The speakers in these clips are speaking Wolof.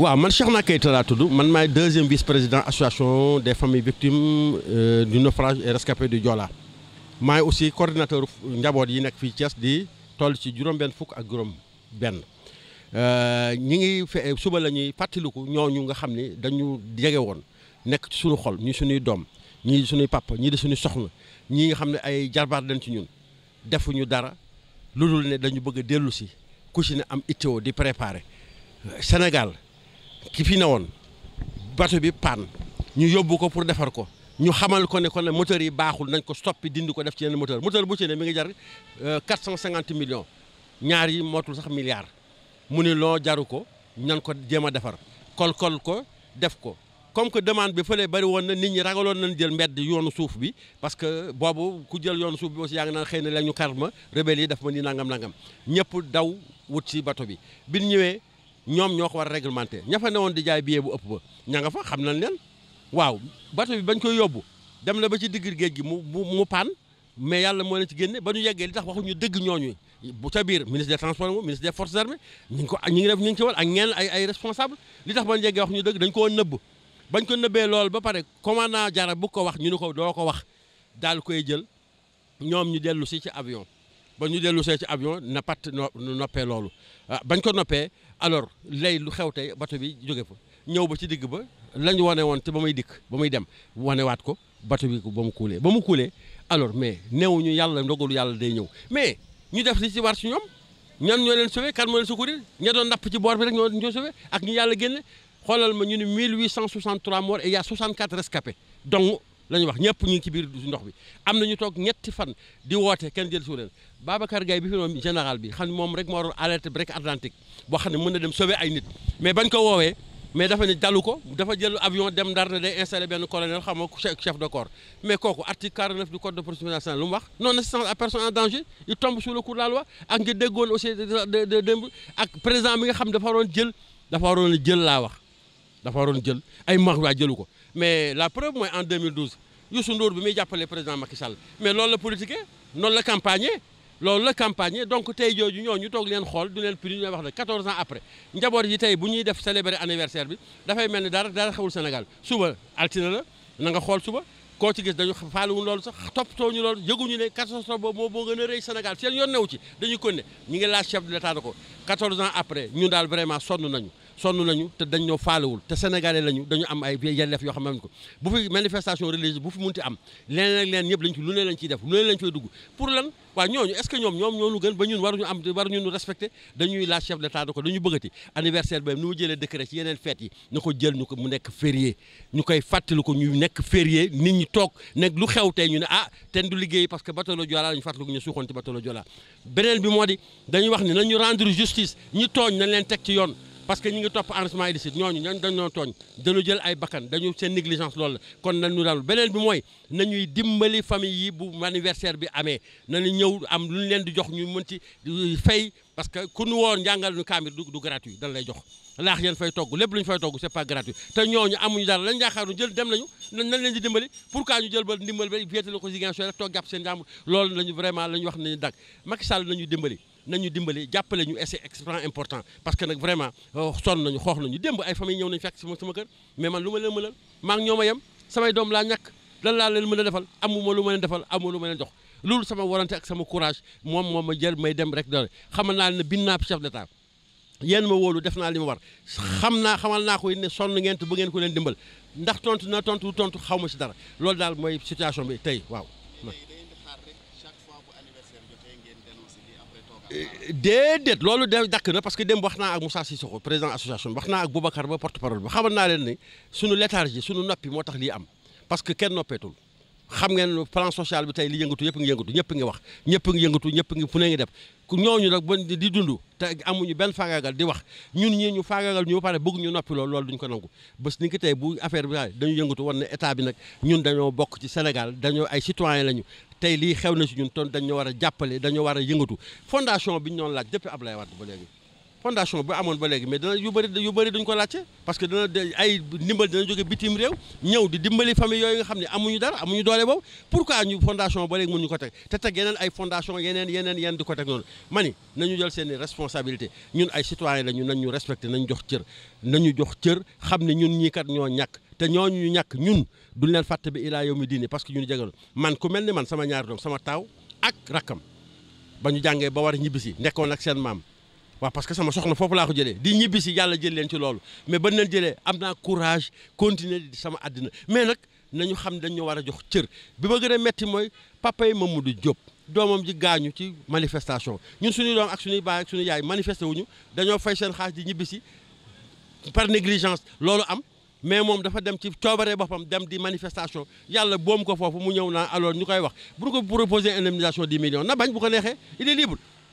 waaw man Cheikhna Keita laa tudd man maay deuxième vice président association des familles victimes euh, du naufrage et du jola maay aussi coordinateur njaboot yi nekk fii Thiès di toll ci juróom-benn fukk ak juróom-benn euh, ñi ngi fe suba la ñuy fàttaliku ñu nga xam ni dañu jege woon nekk ci suñu xol ñu suñuy doom ñi suñuy papp ñii di suñuy soxna ñii nga xam ne ay jarbaat dañ ci ñun defuñu dara lu dul ne dañu bëgg a dellu si ku ci ne am ittéo di préparer Sénégal. ki fi newoon bato bi panne ñu yóbbu ko pour defar ko ñu xamal ko ne ko ne moteur yi baaxul nañ ko stoppi dindi ko def ci yenn moteur moteur bu ci ne mu ngi jar euh, quatre cent cinquante millions ñaar yi mootul sax milliard mu ni loo jaru ko ñan ko jéem a defar kol-kol ko def ko comme que demande bi fële bari woon na nit ñi ragaloon nañ jël mbedd yoonu suuf bi parce que boobu ku jël yoonu suuf bi aussi yaa ngi naan xëy na la ñu kar ma rebelle yi daf ma ni nangam-nangam ñëpp daw wut ci bato bi bi ñëwee ñoom ñoo ko war a réglementé ña fa newoon di jaay billet bu ëpp ba ña nga fa xam nañ leen waaw bato bi bañ koy yóbbu dem na ba ci digg géej gi mu mu paan mais yàlla moo leen ci génne ba ñu yeggee li tax waxuñu dëgg ñooñu bu ca biir ministre des transports moom ministre des forces armées ñu ngi ko ñu ñu ngi ci woon ak ñenn ay ay li tax ba ñu yeggee waxuñu dëgg dañ koo nëbb bañ ko nëbbee loolu ba pare commandant jara bu ko wax ñu ni ko doo ko wax daal koy jël ñoom ñu dellu si ci avion ba ñu dellu see ci avion na pat noppee loolu ah, bañ ko noppee alors lay lu xew tey bato bi jóge fa ñëw ba ci digg ba la ñu wane woon te ba muy dikk ba muy dem wanewaat ko bato bi ko ba mu kuulee ba mu kuulee alors mais néewuñu yàlla ndogalu yàlla day ñëw mais ñu def li ci war ci ñoom ñan ñoo leen sauvé kan moo leen secourir ña doon napp ci boor bi rek ñoo ñoo sauvé ak ñi yàlla génne xoolal ma ñu ne 1863 morts et il y a 64 rescapés la ñuy wax ñëpp ñu ngi ci biir ndox bi am na ñu toog ñetti fan di woote kenn jël si leen Babacar Gaye bi fi moom général bi xam moom rek moo waroon alerte break atlantique boo xam ne mën na dem sauver ay nit mais bañ ko woowee mais dafa ne dalu ko dafa jël avion dem ndar ne day installé benn colonel xam nga chef de corps mais kooku article 49 du code de procédure nationale lu mu wax non assistance à personne a danger il tombe sous le coup de la loi ak nga déggoon aussi de démb ak président bi nga xam dafa waroon jël dafa waroon jël laa wax dafa waroon jël ay mag waa jëlu ko mais la preuve mooy en 2012 Youssou Ndour bi muy jàppale président Macky Sall mais loolu la politique noonu la campagne loolu la campagne donc tey jooju ñoo ñu toog leen xool du leen prix ñu wax ne 14 ans après tey bu ñuy def célébrer anniversaire bi dafay mel ni dara dara xewul Sénégal suba altine la na xool suba koo ci gis dañu faaluwuñ loolu sax toppatoo ñu loolu yëguñu ne 14 ans boobu moo moo gën a rëy Sénégal seen yoon newu ci dañu ko ne ñu ngi laaj chef de l'état après ñun daal vraiment sonn sonn nañu te dañ ñoo faalewul te sénégalais lañu dañu am ay yelleef yoo xam ne ko bu fi manifestation religieuse bu fi munti am leneen ak leneen ñëpp lañ ci lu ne lañ ciy def lu ne lañ fay dugg pour lan waaw ñooñu est ce que ñoom ñoom ñoonu gën ba ñun waruñu am waruñu respecté dañuy laaj chef d'état da ko dañu bëggati anniversaire bi ni ñi toog nekk lu xew tey ñu ne ah ten parce que bateau Joola lañu fàttaliku ñu suuxoon ci bateau Joola beneen bi moo di dañuy wax ni nañu rendre justice ñi tooñ nañ leen teg ci yoon parce que ñi ngi topp enrichissement illicite ñooñu ñooñu dañoo tooñ dañu jël ay bakkan dañu seen négligence loolu la kon nañ daal beneen bi mooy nañuy dimbali famille yi bu anniversaire bi amee nañu ñëw am lu ñu leen di jox ñu mën ci fay que ku ñu woon njàngal ñu kaamir du du gratuit dañ lay jox laax yéen fay togg lépp lu ñu fay togg c'est pas gratuit te ñooñu amuñu dara lañ yaakaaru jël dem nañu nañ leen di dimbali pourquoi ñu jël ba ndimbal ba féetale ko Ziguinchor la ñu wax nañu dag Macky Sall dimbali nañu dimbali jàppale ñu c'est extrêmement important parce que nag vraiment euh, sonn nañu xoox nañu démb ay famille ñëw nañu fekk sama sama kër mais man lu ma leen mënal maa ngi ñoo ma yem samay doom laa ñàkk lan laa leen mën a defal amuma lu ma leen defal amuma lu ma leen jox loolu sama warante ak sama courage moom moom ma jël may dem rek doole xamal naa ne bin naa chef d'état yéen ma woolu def naa li ma war xam naa xamal naa ko ne sonn ngeen te ba ngeen ko leen dimbal ndax tontu tontu tontu xaw ma si dara loolu daal mooy situation bi tey waaw déedéet loolu de dakk na parce que dem wax naa ak Moussa Sissoko président association bi wax naa ak Boubacar ba porte parole ba xamal naa leen ne sunu léthargie sunu noppi moo tax lii am parce que kenn noppeetul xam ngeen plan social bi tey li yëngatu yëpp ngi yëngatu ñëpp ngi wax ñëpp ngi yëngatu ñëpp ngi fu ne ngi def ñooñu nag di dund te amuñu benn faagaagal di wax ñun ñii ñu faagaagal ñu ba pare bëgg ñu noppi loolu loolu duñ ko nangu bés ni ki tey bu affaire bi dañu yëngatu woon ne état bi nag ñun dañoo bokk ci Sénégal dañoo ay citoyen lañu tey lii xew na si ñun ton dañoo war a jàppale dañoo war a yëngatu fondation bi ñu doon laaj depuis Abdoulaye Wade ba léegi fondation ba amoon ba léegi mais dana yu bëri yu bëri duñ ko laajte parce que dana ay ndimbal dana jóge bitim réew ñëw di dimbali famille yooyu nga xam ne amuñu dara amuñu doole boobu pourquoi ñu fondation ba léegi mënuñu ko teg te teg yeneen yeneen yeneen yeneen di ko teg noonu mani ñu jël seeni responsabilité ñun ay citoyen la ñu nañ ñu respecté nañ jox cër nañu jox cër xam ne ñun ñii kat ñoo ñàkk te ñoo ñu ñàkk ñun duñ leen fàtte bi ilaa yow mi diine parce que ñu ñun jegaloon man ku mel ni man sama ñaari doom sama taaw ak rakkam ba ñu jàngee ba war a ñibbisi nekkoon ak seen maam waaw parce que sama soxna foofu laa ko jëlee di ñibbi si yàlla jël leen ci loolu mais ba leen jëlee am naa courage continuer sama àddina mais nag ñu xam dañ ñu war a jox cër bi ma gën a metti mooy papa mu Mamadou Diop doomam ji gaañu ci manifestation ñun suñuy doom ak suñuy baay suñu suñuy yaay manifesté wuñu dañoo fay seen xaalis di ñibbi si par négligence loolu am mais moom dafa dem ci coobaree boppam dem di manifestation yàlla boom ko foofu mu ñëw naa alors ñu koy wax bu ko proposer indemnisation 10 millions na bañ bu ko neexee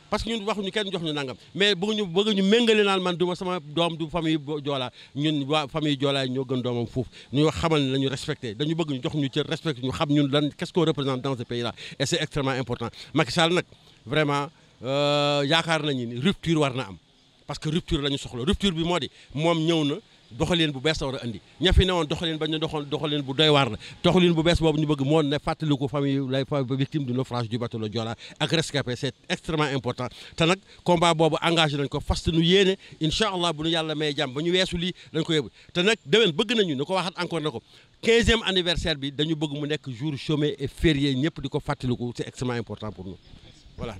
parce que ñun waxuñu kenn jox ñu nangam mais bëgg ñu bëgg ñu méngale naan man du ma sama doom du famille joolaa ñun waa famille joolaa ñoo gën doomam foofu ñu wax xamal ne lañu respecté dañu bëgg ñu jox ñu cër respecté ñu xam ñun lan qu'est-ce qu'on représente dans ce pays là et c'est extrêmement important Macky nag vraiment euh, yaakaar nañu ni rupture war na am parce que rupture la ñu soxla rupture bi moo di moom ñëw na doxalin bu bees la war a andi ña fi newoon doxalin ba ñu doxoon bu doy waar la doxalin bu bees boobu ñu bëgg moo ne fàttaliku famille lay victime du naufrage du bateau Joola ak rescapé c' est extrêmement important te nag combat boobu engagé nañ ko fas nu yéene incha allah bu nu yàlla may jàmm ba ñu weesu lii dañ ko yóbbu te nag déwén bëgg nañu ni ko waxaat encore na ko quinzième anniversaire bi dañu bëgg mu nekk jour chômé et férié ñëpp di ko fàttaliku c' est extrêmement important pour nous voilà